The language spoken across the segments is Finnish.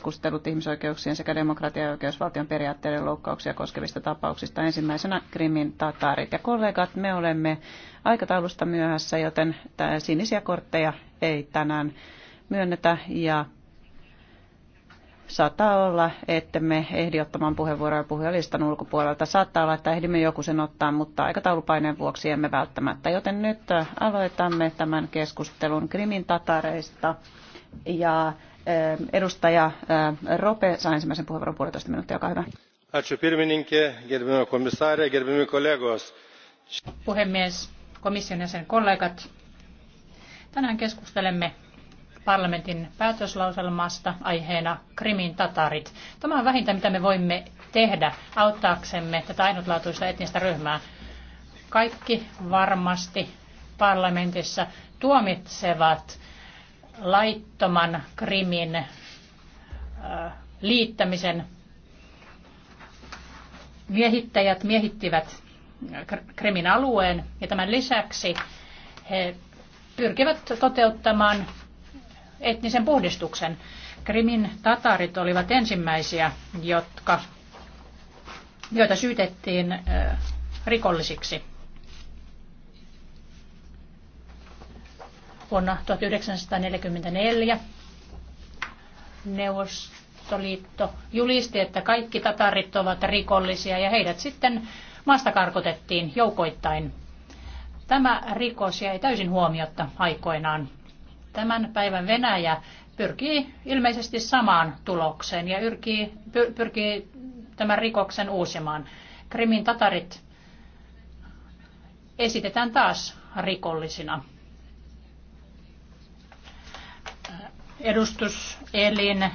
keskustelut ihmisoikeuksien sekä demokratia- ja oikeusvaltion periaatteiden loukkauksia koskevista tapauksista. Ensimmäisenä Krimin tataarit ja kollegat, me olemme aikataulusta myöhässä, joten sinisiä kortteja ei tänään myönnetä ja saattaa olla, että me ehdi ottamaan puheenvuoroja puhujalistan ulkopuolelta. Saattaa olla, että ehdimme joku sen ottaa, mutta aikataulupaineen vuoksi emme välttämättä. Joten nyt aloitamme tämän keskustelun Krimin tatareista. Ja Edustaja Rope saa ensimmäisen puheenvuoron puolitoista minuuttia, olkaa hyvä. Puhemies, komission jäsen kollegat. Tänään keskustelemme parlamentin päätöslauselmasta aiheena Krimin tatarit. Tämä on vähintä, mitä me voimme tehdä auttaaksemme tätä ainutlaatuista etnistä ryhmää. Kaikki varmasti parlamentissa tuomitsevat laittoman krimin liittämisen. Miehittäjät miehittivät krimin alueen ja tämän lisäksi he pyrkivät toteuttamaan etnisen puhdistuksen. Krimin tatarit olivat ensimmäisiä, jotka, joita syytettiin rikollisiksi. vuonna 1944 Neuvostoliitto julisti, että kaikki tatarit ovat rikollisia ja heidät sitten maasta karkotettiin joukoittain. Tämä rikos jäi täysin huomiotta aikoinaan. Tämän päivän Venäjä pyrkii ilmeisesti samaan tulokseen ja pyrkii, pyrkii tämän rikoksen uusimaan. Krimin tatarit esitetään taas rikollisina. edustuselin äh,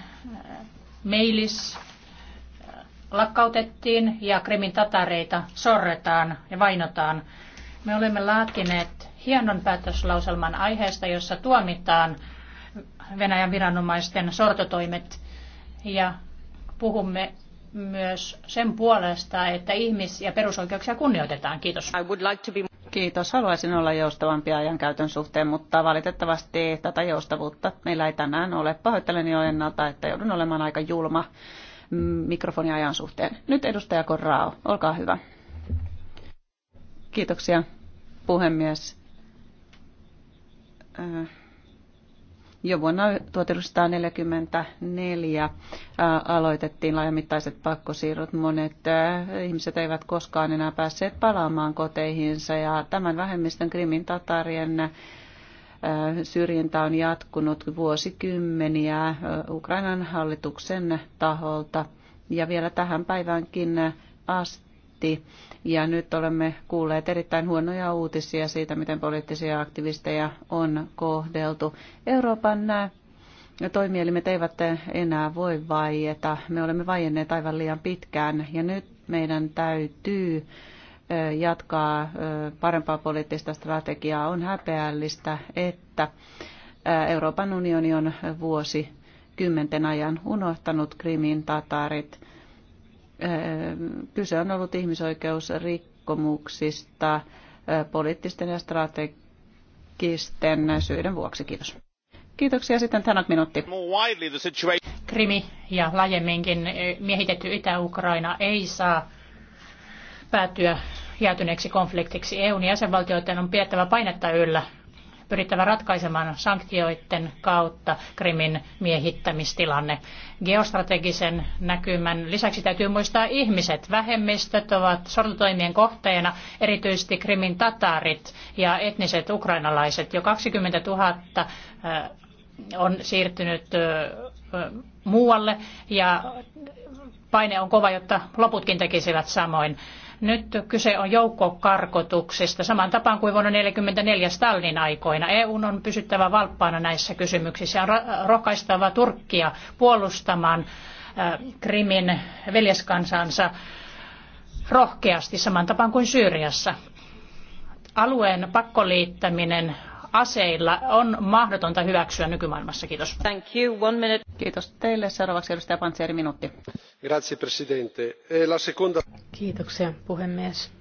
Meilis äh, lakkautettiin ja Krimin tatareita sorretaan ja vainotaan. Me olemme laatineet hienon päätöslauselman aiheesta, jossa tuomitaan Venäjän viranomaisten sortotoimet ja puhumme myös sen puolesta, että ihmis- ja perusoikeuksia kunnioitetaan. Kiitos. I would like to be... Kiitos. Haluaisin olla joustavampi käytön suhteen, mutta valitettavasti tätä joustavuutta meillä ei tänään ole. Pahoittelen jo ennalta, että joudun olemaan aika julma mm, mikrofoniajan suhteen. Nyt edustaja Korrao, olkaa hyvä. Kiitoksia, puhemies. Äh jo vuonna 1944 äh, aloitettiin laajamittaiset pakkosiirrot. Monet äh, ihmiset eivät koskaan enää päässeet palaamaan koteihinsa ja tämän vähemmistön krimin tatarien äh, syrjintä on jatkunut vuosikymmeniä Ukrainan hallituksen taholta ja vielä tähän päiväänkin asti parlamentti. Ja nyt olemme kuulleet erittäin huonoja uutisia siitä, miten poliittisia aktivisteja on kohdeltu. Euroopan nämä äh, toimielimet eivät enää voi vaieta. Me olemme vaienneet aivan liian pitkään ja nyt meidän täytyy äh, jatkaa äh, parempaa poliittista strategiaa. On häpeällistä, että Euroopan unioni on vuosi kymmenten ajan unohtanut Krimin tataarit. Kyse on ollut ihmisoikeusrikkomuksista poliittisten ja strategisten syiden vuoksi. Kiitos. Kiitoksia. Sitten tänä minuutti. Krimi ja laajemminkin miehitetty Itä-Ukraina ei saa päätyä jäätyneeksi konfliktiksi. EUn jäsenvaltioiden on pidettävä painetta yllä pyrittävä ratkaisemaan sanktioiden kautta Krimin miehittämistilanne. Geostrategisen näkymän lisäksi täytyy muistaa ihmiset. Vähemmistöt ovat sortotoimien kohteena, erityisesti Krimin tatarit ja etniset ukrainalaiset. Jo 20 000 äh, on siirtynyt äh, muualle ja paine on kova, jotta loputkin tekisivät samoin. Nyt kyse on joukkokarkotuksista, saman tapaan kuin vuonna 1944 Stalin aikoina. EU on pysyttävä valppaana näissä kysymyksissä. On rohkaistava Turkkia puolustamaan äh, Krimin veljeskansansa rohkeasti, saman tapaan kuin Syyriassa. Alueen pakkoliittäminen aseilla on mahdotonta hyväksyä nykymaailmassa. Kiitos. Thank you. One minute. Kiitos teille. Seuraavaksi edustaja Pantseri, minuutti. Grazie, presidente. Eh, la seconda... Kiitoksia, puhemies.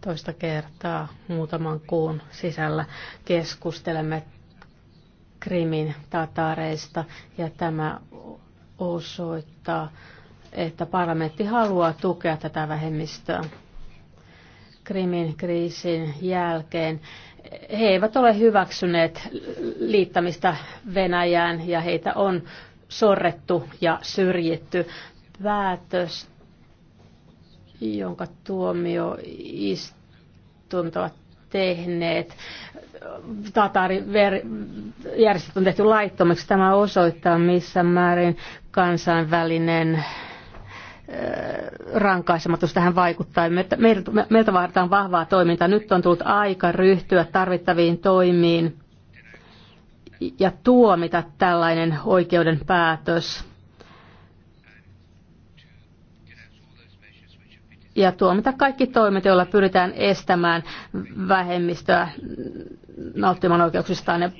Toista kertaa muutaman kuun sisällä keskustelemme Krimin tatareista ja tämä osoittaa, että parlamentti haluaa tukea tätä vähemmistöä. Krimin kriisin jälkeen he eivät ole hyväksyneet liittämistä Venäjään ja heitä on sorrettu ja syrjitty. Päätös, jonka tuomioistunto ovat tehneet, Tataarijärjestöt on tehty laittomaksi. Tämä osoittaa missä määrin kansainvälinen rankaisemattomuus tähän vaikuttaa. Meiltä vaaditaan vahvaa toimintaa. Nyt on tullut aika ryhtyä tarvittaviin toimiin ja tuomita tällainen oikeuden päätös. Ja tuomita kaikki toimet, joilla pyritään estämään vähemmistöä nauttimaan oikeuksistaan ja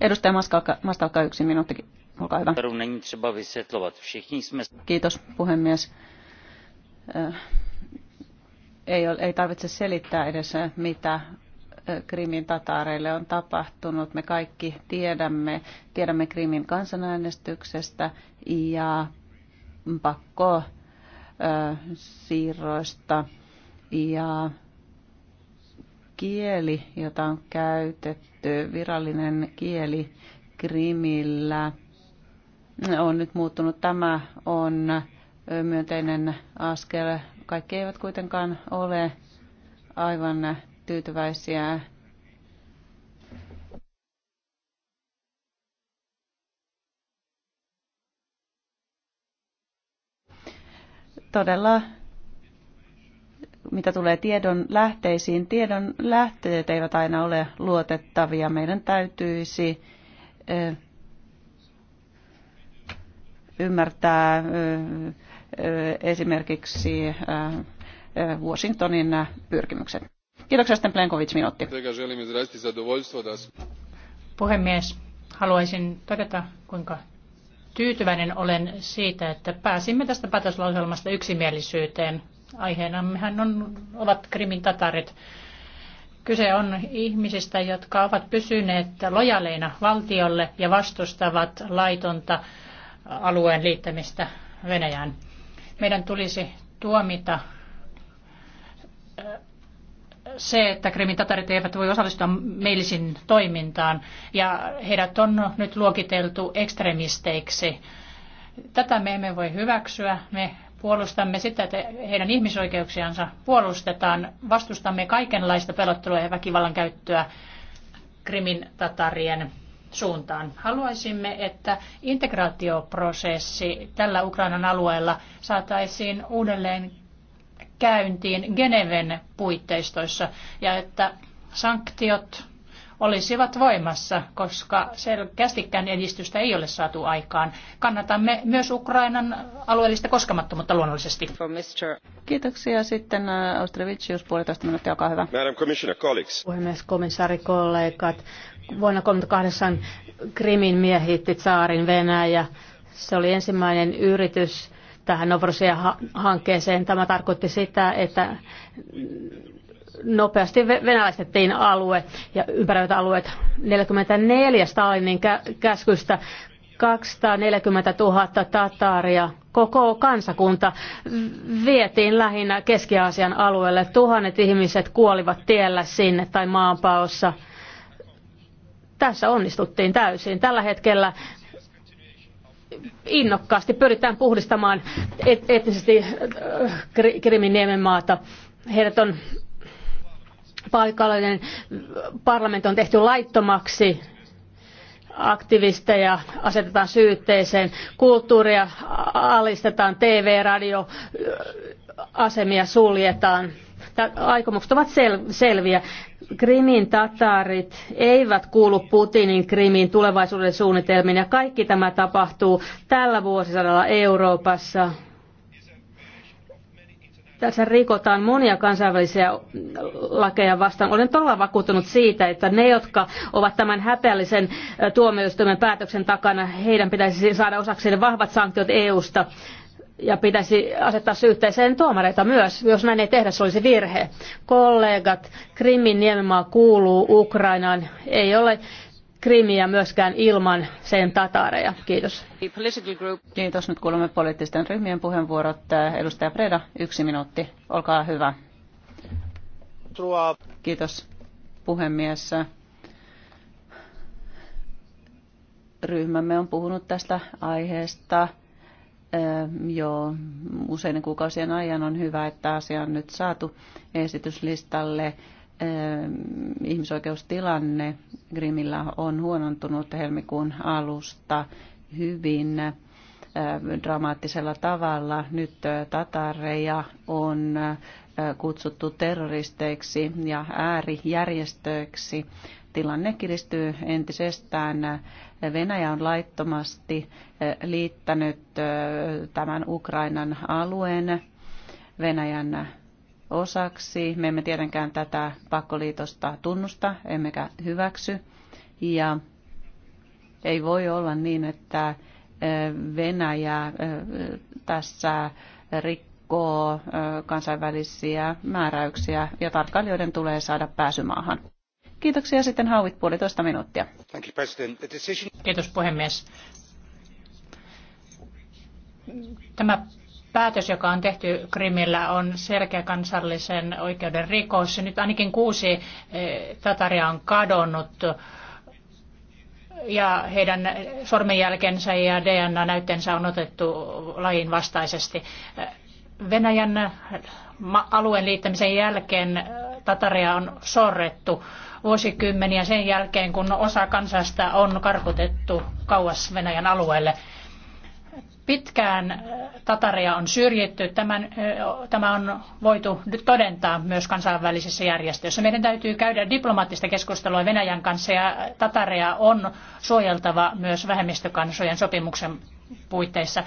Edustaja Mastalka, Mastalka yksi minuutti, olkaa hyvä. Kiitos puhemies. Ei, ei tarvitse selittää edes, mitä Krimin tataareille on tapahtunut. Me kaikki tiedämme, tiedämme Krimin kansanäänestyksestä ja pakko siirroista ja kieli, jota on käytetty, virallinen kieli Krimillä, on nyt muuttunut. Tämä on myönteinen askel. Kaikki eivät kuitenkaan ole aivan tyytyväisiä todella mitä tulee tiedon lähteisiin, tiedon lähteet eivät aina ole luotettavia. Meidän täytyisi ymmärtää esimerkiksi Washingtonin pyrkimykset. Kiitoksia sitten Plenkovic minuutti. Puhemies, haluaisin todeta, kuinka tyytyväinen olen siitä, että pääsimme tästä päätöslauselmasta yksimielisyyteen Aiheenammehan on, ovat Krimin tatarit. Kyse on ihmisistä, jotka ovat pysyneet lojaleina valtiolle ja vastustavat laitonta alueen liittämistä Venäjään. Meidän tulisi tuomita äh, se, että krimin tatarit eivät voi osallistua meilisin toimintaan ja heidät on nyt luokiteltu ekstremisteiksi. Tätä me emme voi hyväksyä. Me puolustamme sitä, että heidän ihmisoikeuksiansa puolustetaan. Vastustamme kaikenlaista pelottelua ja väkivallan käyttöä Krimin tatarien suuntaan. Haluaisimme, että integraatioprosessi tällä Ukrainan alueella saataisiin uudelleen käyntiin Geneven puitteistoissa ja että sanktiot olisivat voimassa, koska selkeästikään edistystä ei ole saatu aikaan. Kannatamme myös Ukrainan alueellista koskemattomuutta luonnollisesti. Kiitoksia. Sitten äh, Austrevicius, puolitoista minuuttia, olkaa hyvä. Madam Commissioner, colleagues. Puhemies, komissaari, kollegat. Vuonna 1938 Krimin miehitti saarin Venäjä. Se oli ensimmäinen yritys tähän novrosia hankkeeseen. Tämä tarkoitti sitä, että nopeasti venäläistettiin alue ja ympäröivät alueet 44 Stalinin käskystä 240 000 tataria, koko kansakunta vietiin lähinnä Keski-Aasian alueelle. Tuhannet ihmiset kuolivat tiellä sinne tai maanpaossa. Tässä onnistuttiin täysin. Tällä hetkellä innokkaasti pyritään puhdistamaan etnisesti äh, Krimin maata. Heidät on paikallinen parlamentti on tehty laittomaksi aktivisteja asetetaan syytteeseen, kulttuuria alistetaan, TV, ja radioasemia suljetaan. Aikomukset ovat sel- selviä. Krimin tataarit eivät kuulu Putinin Krimin tulevaisuuden suunnitelmiin ja kaikki tämä tapahtuu tällä vuosisadalla Euroopassa. Tässä rikotaan monia kansainvälisiä lakeja vastaan. Olen todella vakuuttunut siitä, että ne, jotka ovat tämän häpeällisen tuomioistuimen päätöksen takana, heidän pitäisi saada osakseen vahvat sanktiot EU-sta ja pitäisi asettaa syytteeseen tuomareita myös. Jos näin ei tehdä, se olisi virhe. Kollegat, Krimin niemimaa kuuluu Ukrainaan. Ei ole Krimiä myöskään ilman sen tatareja. Kiitos. Kiitos. Nyt kuulemme poliittisten ryhmien puheenvuorot. Äh, edustaja Preda, yksi minuutti. Olkaa hyvä. Kiitos puhemies. Ryhmämme on puhunut tästä aiheesta äh, jo useiden kuukausien ajan. On hyvä, että asia on nyt saatu esityslistalle ihmisoikeustilanne Grimillä on huonontunut helmikuun alusta hyvin dramaattisella tavalla. Nyt tatareja on kutsuttu terroristeiksi ja äärijärjestöiksi. Tilanne kiristyy entisestään. Venäjä on laittomasti liittänyt tämän Ukrainan alueen Venäjän osaksi. Me emme tietenkään tätä pakkoliitosta tunnusta, emmekä hyväksy. Ja ei voi olla niin, että Venäjä tässä rikkoo kansainvälisiä määräyksiä ja tarkkailijoiden tulee saada pääsymaahan. Kiitoksia sitten Hauit puolitoista minuuttia. Kiitos puhemies. Tämä päätös, joka on tehty Krimillä, on selkeä kansallisen oikeuden rikos. Nyt ainakin kuusi eh, Tataria on kadonnut ja heidän sormenjälkensä ja DNA-näytteensä on otettu lajin vastaisesti. Venäjän alueen liittämisen jälkeen eh, Tataria on sorrettu vuosikymmeniä sen jälkeen, kun osa kansasta on karkotettu kauas Venäjän alueelle. Pitkään äh, Tataria on syrjitty. Tämän, äh, tämä on voitu todentaa myös kansainvälisissä järjestöissä. Meidän täytyy käydä diplomaattista keskustelua Venäjän kanssa ja Tataria on suojeltava myös vähemmistökansojen sopimuksen puitteissa.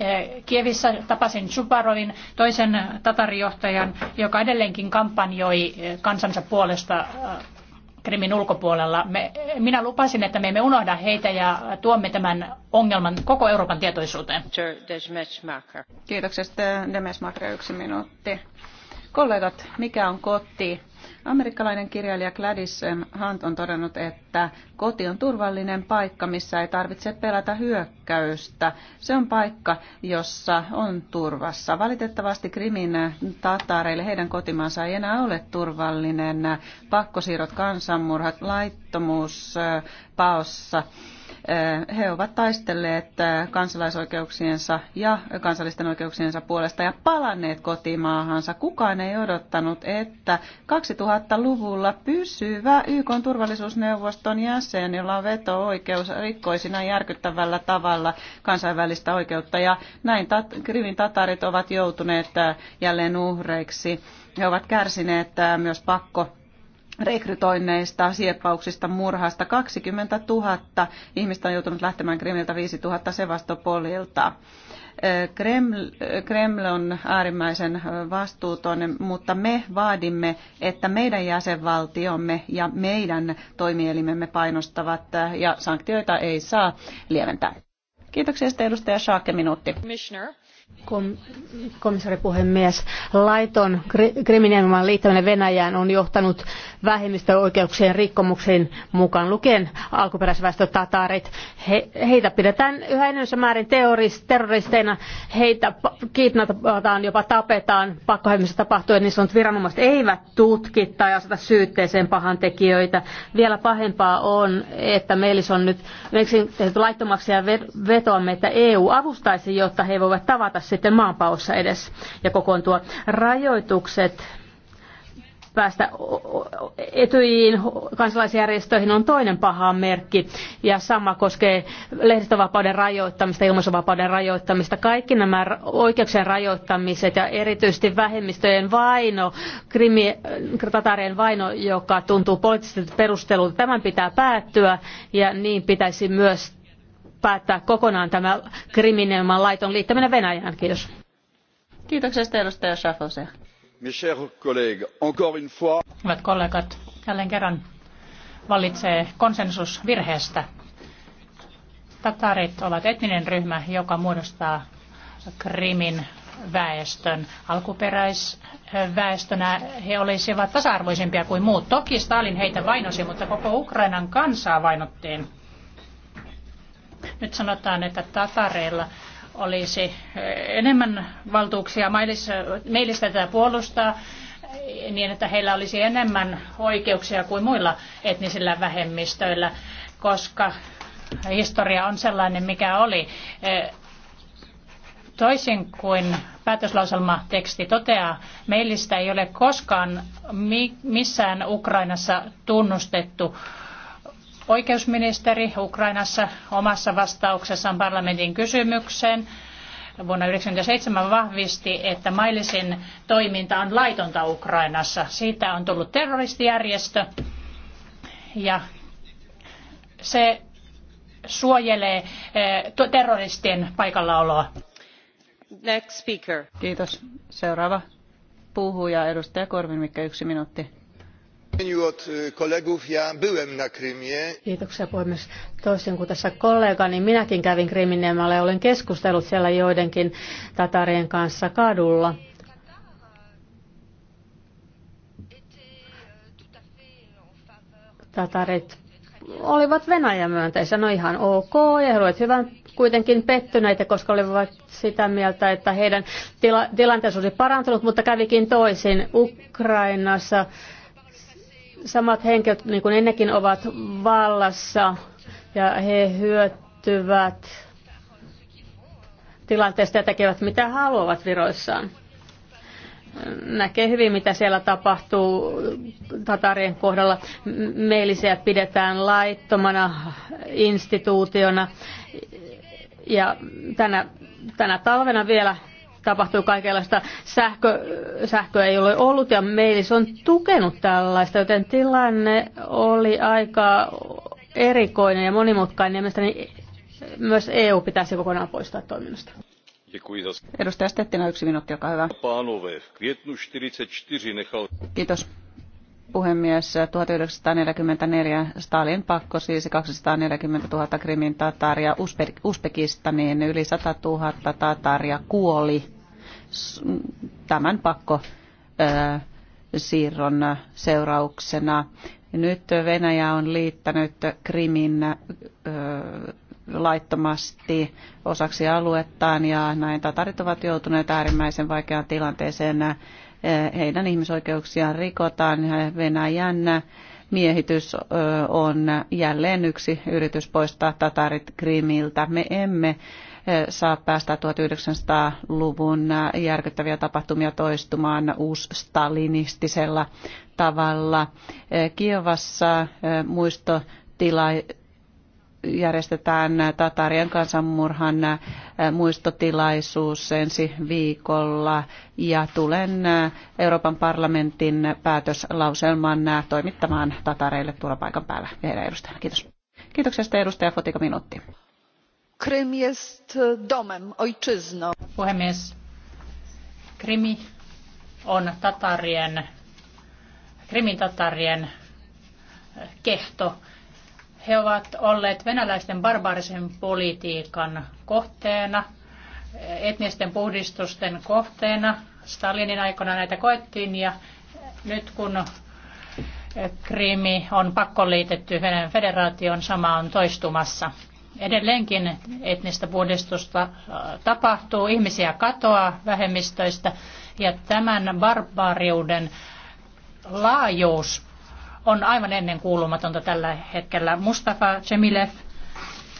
Äh, Kievissä tapasin Subarovin, toisen tatarijohtajan, joka edelleenkin kampanjoi kansansa puolesta Krimin ulkopuolella. Me, minä lupasin, että me emme unohda heitä ja tuomme tämän ongelman koko Euroopan tietoisuuteen. Kiitoksesta. Demesmaker yksi minuutti. Kollegat, mikä on koti? Amerikkalainen kirjailija Gladys Hunt on todennut, että koti on turvallinen paikka, missä ei tarvitse pelätä hyökkäystä. Se on paikka, jossa on turvassa. Valitettavasti Krimin tataareille heidän kotimaansa ei enää ole turvallinen. Pakkosiirrot, kansanmurhat, laittomuus äh, paossa he ovat taistelleet kansalaisoikeuksiensa ja kansallisten oikeuksiensa puolesta ja palanneet kotimaahansa. Kukaan ei odottanut, että 2000-luvulla pysyvä YK turvallisuusneuvoston jäsen, jolla on veto-oikeus, rikkoisi näin järkyttävällä tavalla kansainvälistä oikeutta. Ja näin tat- Krimin tatarit ovat joutuneet jälleen uhreiksi. He ovat kärsineet myös pakko rekrytoinneista, sieppauksista, murhasta. 20 000 ihmistä on joutunut lähtemään Krimiltä, 5 000 Sevastopolilta. Kreml, Kreml on äärimmäisen vastuuton, mutta me vaadimme, että meidän jäsenvaltiomme ja meidän toimielimemme painostavat ja sanktioita ei saa lieventää. Kiitoksia sitten edustaja Schaake minuutti. Commissioner. Kom- puhemies, laiton kri- liittäminen Venäjään on johtanut vähemmistöoikeuksien rikkomuksiin mukaan lukien alkuperäisväestö Tatarit. He- heitä pidetään yhä enemmän määrin teoris- terroristeina, heitä kidnapataan, jopa tapetaan, pakkohemmissa tapahtuu, ja niin sanotut viranomaiset eivät tutki tai aseta syytteeseen pahantekijöitä. Vielä pahempaa on, että meillä on nyt tehty laittomaksi ja vetoamme, että EU avustaisi, jotta he voivat tavata tavata sitten maanpaossa edes ja kokoontua. Rajoitukset päästä etyjiin kansalaisjärjestöihin on toinen paha merkki. Ja sama koskee lehdistövapauden rajoittamista, ilmaisuvapauden rajoittamista. Kaikki nämä oikeuksien rajoittamiset ja erityisesti vähemmistöjen vaino, krimi, tatarien vaino, joka tuntuu poliittisesti perustelulta, tämän pitää päättyä ja niin pitäisi myös päättää kokonaan tämä kriminelman laiton liittäminen Venäjään. Kiitos. Kiitoksesta edustaja Schaffose. Hyvät kollegat, jälleen kerran vallitsee konsensus virheestä. Tatarit ovat etninen ryhmä, joka muodostaa Krimin väestön. Alkuperäisväestönä he olisivat tasa-arvoisempia kuin muut. Toki Stalin heitä vainosi, mutta koko Ukrainan kansaa vainottiin. Nyt sanotaan, että Tatareilla olisi eh, enemmän valtuuksia meillistä tätä puolustaa eh, niin, että heillä olisi enemmän oikeuksia kuin muilla etnisillä vähemmistöillä, koska historia on sellainen, mikä oli. Eh, toisin kuin päätöslauselmateksti toteaa, meillistä ei ole koskaan missään Ukrainassa tunnustettu Oikeusministeri Ukrainassa omassa vastauksessaan parlamentin kysymykseen vuonna 1997 vahvisti, että Mailisin toiminta on laitonta Ukrainassa. Siitä on tullut terroristijärjestö ja se suojelee eh, terroristien paikallaoloa. Next speaker. Kiitos. Seuraava puhuja, edustaja Korvin, mikä yksi minuutti. Kiitoksia puhemies. Toisin kuin tässä kollega, minäkin kävin Kriminiemellä ja olen keskustellut siellä joidenkin tatarien kanssa kadulla. Tatarit olivat Venäjän myönteisiä, no ihan ok, ja he olivat hyvän kuitenkin pettyneitä, koska olivat sitä mieltä, että heidän tila- tilanteensa olisi parantunut, mutta kävikin toisin Ukrainassa samat henkilöt, niin kuin ennenkin, ovat vallassa ja he hyötyvät tilanteesta ja tekevät mitä haluavat viroissaan. Näkee hyvin, mitä siellä tapahtuu Tatarien kohdalla. Meillisiä pidetään laittomana instituutiona. Ja tänä, tänä talvena vielä tapahtuu kaikenlaista. Sähkö, sähköä ei ole ollut ja meillä se on tukenut tällaista, joten tilanne oli aika erikoinen ja monimutkainen. Mielestäni myös EU pitäisi kokonaan poistaa toiminnasta. Edustaja Stettina, yksi minuutti, olkaa hyvä. Kiitos puhemies. 1944 Stalin pakko siis 240 000 krimin tataria Uzbekistaniin. Yli 100 000 tataria kuoli tämän pakko siirron seurauksena. Nyt Venäjä on liittänyt Krimin laittomasti osaksi aluettaan ja näin tatarit ovat joutuneet äärimmäisen vaikeaan tilanteeseen. Heidän ihmisoikeuksiaan rikotaan. Venäjän miehitys on jälleen yksi yritys poistaa tatarit Krimiltä. Me emme saa päästä 1900-luvun järkyttäviä tapahtumia toistumaan uusstalinistisella tavalla. Kiovassa muistotila järjestetään Tatarien kansanmurhan muistotilaisuus ensi viikolla ja tulen Euroopan parlamentin päätöslauselman toimittamaan Tatareille tuolla paikan päällä edustajana. Kiitos. Kiitoksesta edustaja Fotika Minuutti. Krym jest e, domem, ojczyzną. Puhemies, Krimi on tatarien, Krimin tatarien e, kehto. He ovat olleet venäläisten barbaarisen politiikan kohteena, e, etnisten puhdistusten kohteena. Stalinin aikana näitä koettiin ja nyt kun Krimi on pakkoliitetty Venäjän federaation, sama on toistumassa. Edelleenkin etnistä puhdistusta äh, tapahtuu, ihmisiä katoaa vähemmistöistä ja tämän barbaariuden laajuus on aivan ennen kuulumatonta tällä hetkellä. Mustafa Cemilev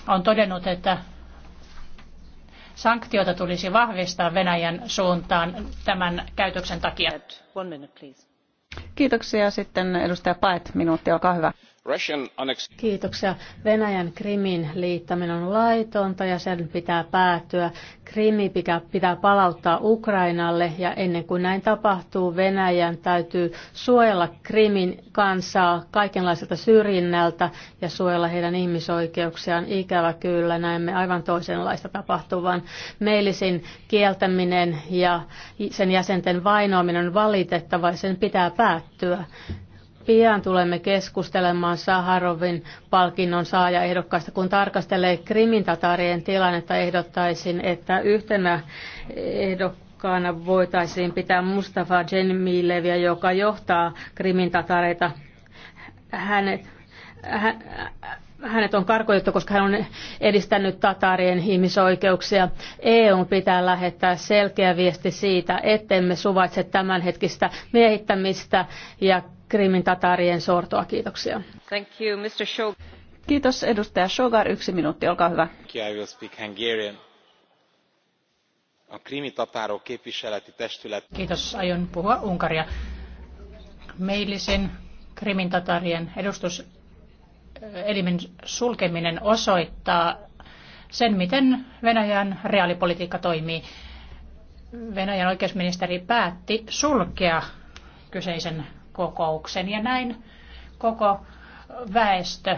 on todennut, että sanktioita tulisi vahvistaa Venäjän suuntaan tämän käytöksen takia. Kiitoksia. Sitten edustaja Paet, minuutti, olkaa hyvä. Kiitoksia. Venäjän Krimin liittäminen on laitonta ja sen pitää päättyä. Krimi pitää, pitää palauttaa Ukrainalle ja ennen kuin näin tapahtuu, Venäjän täytyy suojella Krimin kansaa kaikenlaiselta syrjinnältä ja suojella heidän ihmisoikeuksiaan. Ikävä kyllä näemme aivan toisenlaista tapahtuvan. Meilisin kieltäminen ja sen jäsenten vainoaminen on valitettava ja sen pitää päättyä. Pian tulemme keskustelemaan Saharovin palkinnon saajaehdokkaista. Kun tarkastelee Krimin tatarien tilannetta, ehdottaisin, että yhtenä ehdokkaana voitaisiin pitää Mustafa Jenmileviä, joka johtaa Krimin tatareita. Hänet, hänet on karkoitettu, koska hän on edistänyt tatarien ihmisoikeuksia. EU pitää lähettää selkeä viesti siitä, ettemme suvaitse tämänhetkistä miehittämistä ja Krimin tatarien sortoa. Kiitoksia. Thank you, Mr. Shog- Kiitos edustaja Shogar. Yksi minuutti, olkaa hyvä. Kiitos, aion puhua Unkaria. Meillisen Krimin tatarien edustuselimen sulkeminen osoittaa sen, miten Venäjän reaalipolitiikka toimii. Venäjän oikeusministeri päätti sulkea kyseisen kokouksen ja näin koko väestö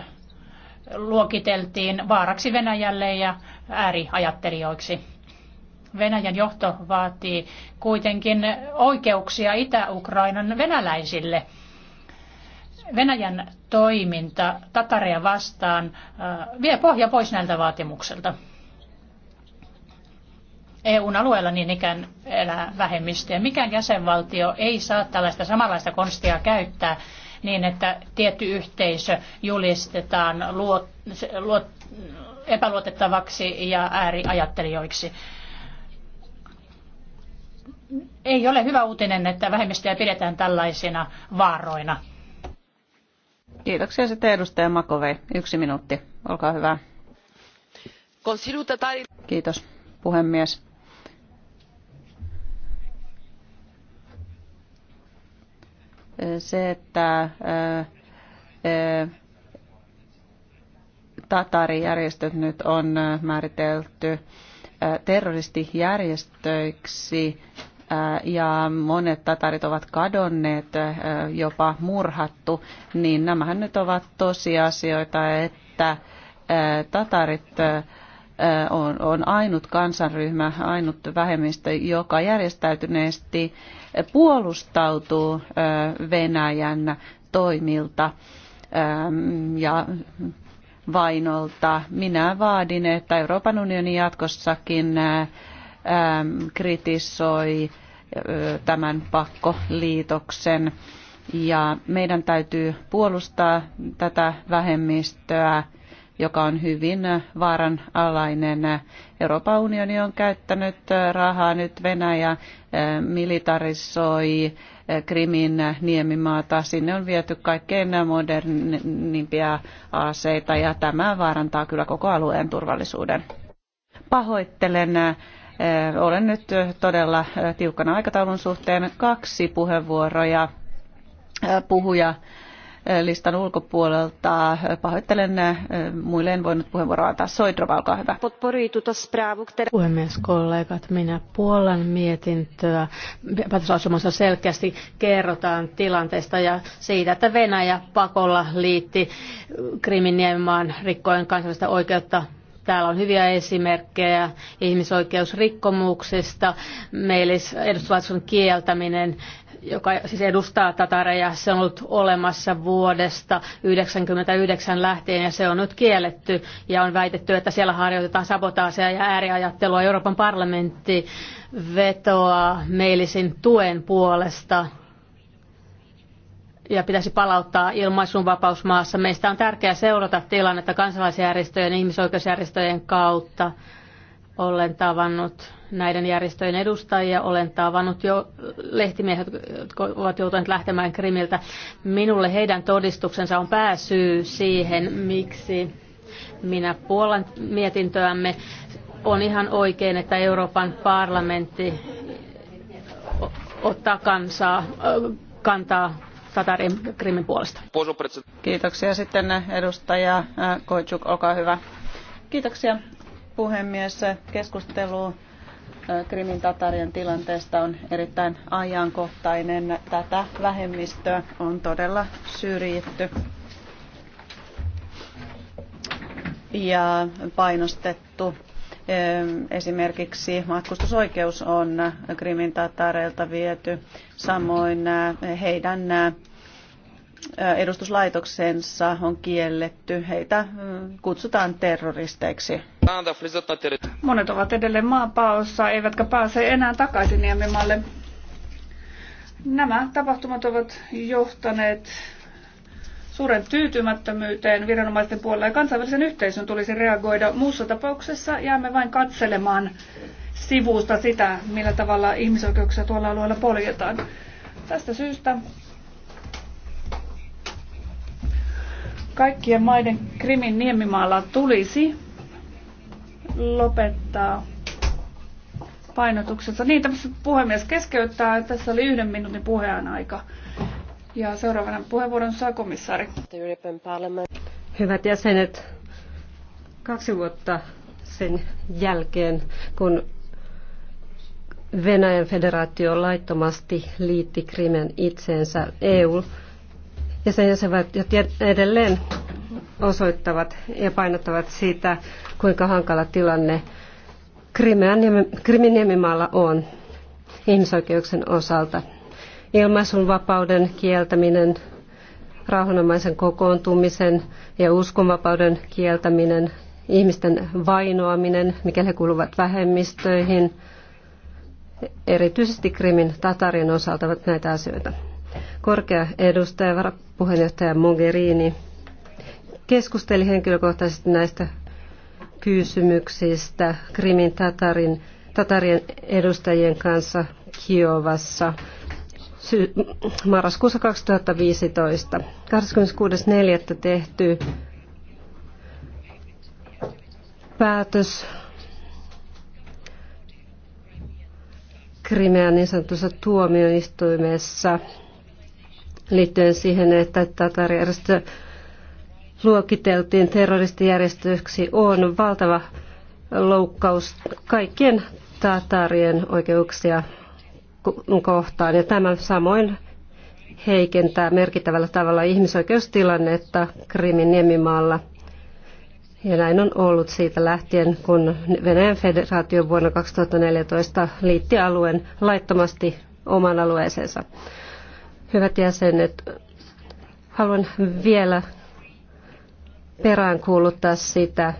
luokiteltiin vaaraksi Venäjälle ja ääriajattelijoiksi. Venäjän johto vaatii kuitenkin oikeuksia Itä-Ukrainan venäläisille. Venäjän toiminta Tataria vastaan äh, vie pohja pois näiltä vaatimuksilta. EUn alueella niin ikään elää vähemmistöjä. Mikään jäsenvaltio ei saa tällaista samanlaista konstia käyttää niin, että tietty yhteisö julistetaan luot, luot, epäluotettavaksi ja ääriajattelijoiksi. Ei ole hyvä uutinen, että vähemmistöjä pidetään tällaisina vaaroina. Kiitoksia sitten edustaja Makovei. Yksi minuutti. Olkaa hyvä. Kiitos puhemies. se, että tatarijärjestöt nyt on määritelty terroristijärjestöiksi ja monet tatarit ovat kadonneet, jopa murhattu, niin nämähän nyt ovat tosiasioita, että tatarit on, on ainut kansanryhmä, ainut vähemmistö, joka järjestäytyneesti puolustautuu Venäjän toimilta ja vainolta. Minä vaadin, että Euroopan unioni jatkossakin kritisoi tämän pakkoliitoksen ja meidän täytyy puolustaa tätä vähemmistöä joka on hyvin vaaran alainen. Euroopan unioni on käyttänyt rahaa, nyt Venäjä eh, militarisoi eh, Krimin niemimaata. Sinne on viety kaikkein modernimpia aseita ja tämä vaarantaa kyllä koko alueen turvallisuuden. Pahoittelen. Eh, olen nyt todella tiukkana aikataulun suhteen. Kaksi puheenvuoroja puhuja listan ulkopuolelta. Pahoittelen muille en voinut puheenvuoroa antaa. Soidrova, olkaa hyvä. Puhemies, kollegat, minä puolan mietintöä. Päätösasumassa selkeästi kerrotaan tilanteesta ja siitä, että Venäjä pakolla liitti Kriminiemaan rikkoen kansallista oikeutta täällä on hyviä esimerkkejä ihmisoikeusrikkomuksista, meillä edustuslaitoksen kieltäminen, joka siis edustaa Tatareja. Se on ollut olemassa vuodesta 1999 lähtien ja se on nyt kielletty. Ja on väitetty, että siellä harjoitetaan sabotaaseja ja ääriajattelua. Euroopan parlamentti vetoaa meilisin tuen puolesta ja pitäisi palauttaa ilmaisunvapaus maassa. Meistä on tärkeää seurata tilannetta kansalaisjärjestöjen ja ihmisoikeusjärjestöjen kautta olen tavannut näiden järjestöjen edustajia, olen tavannut jo lehtimiehet, jotka ovat joutuneet lähtemään Krimiltä. Minulle heidän todistuksensa on pääsyy siihen, miksi minä puolan mietintöämme. On ihan oikein, että Euroopan parlamentti ottaa kansaa, kantaa Tatarin krimin puolesta. Kiitoksia sitten edustaja Koitsuk, olkaa hyvä. Kiitoksia puhemies. Keskustelu Krimin tatarien tilanteesta on erittäin ajankohtainen. Tätä vähemmistöä on todella syrjitty ja painostettu. Esimerkiksi matkustusoikeus on Krimin tatareilta viety, samoin heidän edustuslaitoksensa on kielletty. Heitä kutsutaan terroristeiksi Monet ovat edelleen maapaossa, eivätkä pääse enää takaisin Niemimaalle. Nämä tapahtumat ovat johtaneet suuren tyytymättömyyteen viranomaisten puolella ja kansainvälisen yhteisön tulisi reagoida. Muussa tapauksessa jäämme vain katselemaan sivusta sitä, millä tavalla ihmisoikeuksia tuolla alueella poljetaan. Tästä syystä kaikkien maiden Krimin niemimaalla tulisi lopettaa painotuksensa. Niin, tässä puhemies keskeyttää. Tässä oli yhden minuutin puheen aika. Ja seuraavana puheenvuoron saa komissaari. Hyvät jäsenet, kaksi vuotta sen jälkeen, kun Venäjän federaatio laittomasti liitti Krimen itseensä EU, ja sen jäsenvaltiot edelleen osoittavat ja painottavat sitä, kuinka hankala tilanne Kriminiemimaalla on ihmisoikeuksien osalta. Ilmaisunvapauden kieltäminen, rauhanomaisen kokoontumisen ja uskonvapauden kieltäminen, ihmisten vainoaminen, mikäli he kuuluvat vähemmistöihin, erityisesti Krimin tatarien osalta ovat näitä asioita. Korkea edustaja, varapuheenjohtaja Mogherini keskusteli henkilökohtaisesti näistä kysymyksistä Krimin Tatarin, Tatarien edustajien kanssa Kiovassa marraskuussa 2015. 26.4. tehty päätös Krimean niin sanotussa tuomioistuimessa liittyen siihen, että tatarien edustajien luokiteltiin terroristijärjestöksi, on valtava loukkaus kaikkien tatarien oikeuksia kohtaan. Ja tämä samoin heikentää merkittävällä tavalla ihmisoikeustilannetta Krimin niemimaalla. Ja näin on ollut siitä lähtien, kun Venäjän federaatio vuonna 2014 liitti alueen laittomasti oman alueeseensa. Hyvät jäsenet, haluan vielä peräänkuuluttaa sitä,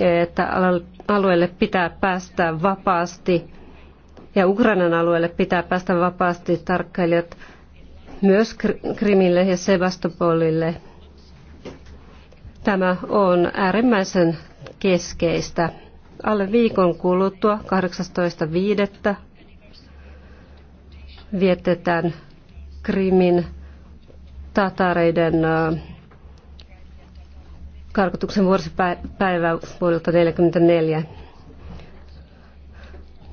että alueelle pitää päästä vapaasti ja Ukrainan alueelle pitää päästä vapaasti tarkkailijat myös Krimille ja Sevastopolille. Tämä on äärimmäisen keskeistä. Alle viikon kuluttua 18.5. vietetään Krimin tatareiden äh, karkotuksen vuosipäivä vuodelta 1944.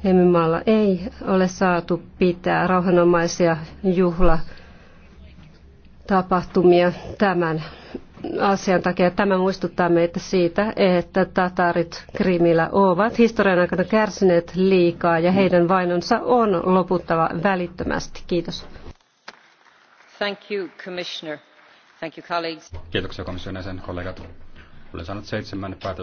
Niemimaalla ei ole saatu pitää rauhanomaisia juhla tapahtumia tämän asian takia. Tämä muistuttaa meitä siitä, että tatarit Krimillä ovat historian aikana kärsineet liikaa ja heidän vainonsa on loputtava välittömästi. Kiitos. Thank you, Commissioner. Thank you, colleagues. Kiitoksia komission jäsen, kollegat. Olen saanut seitsemän päätös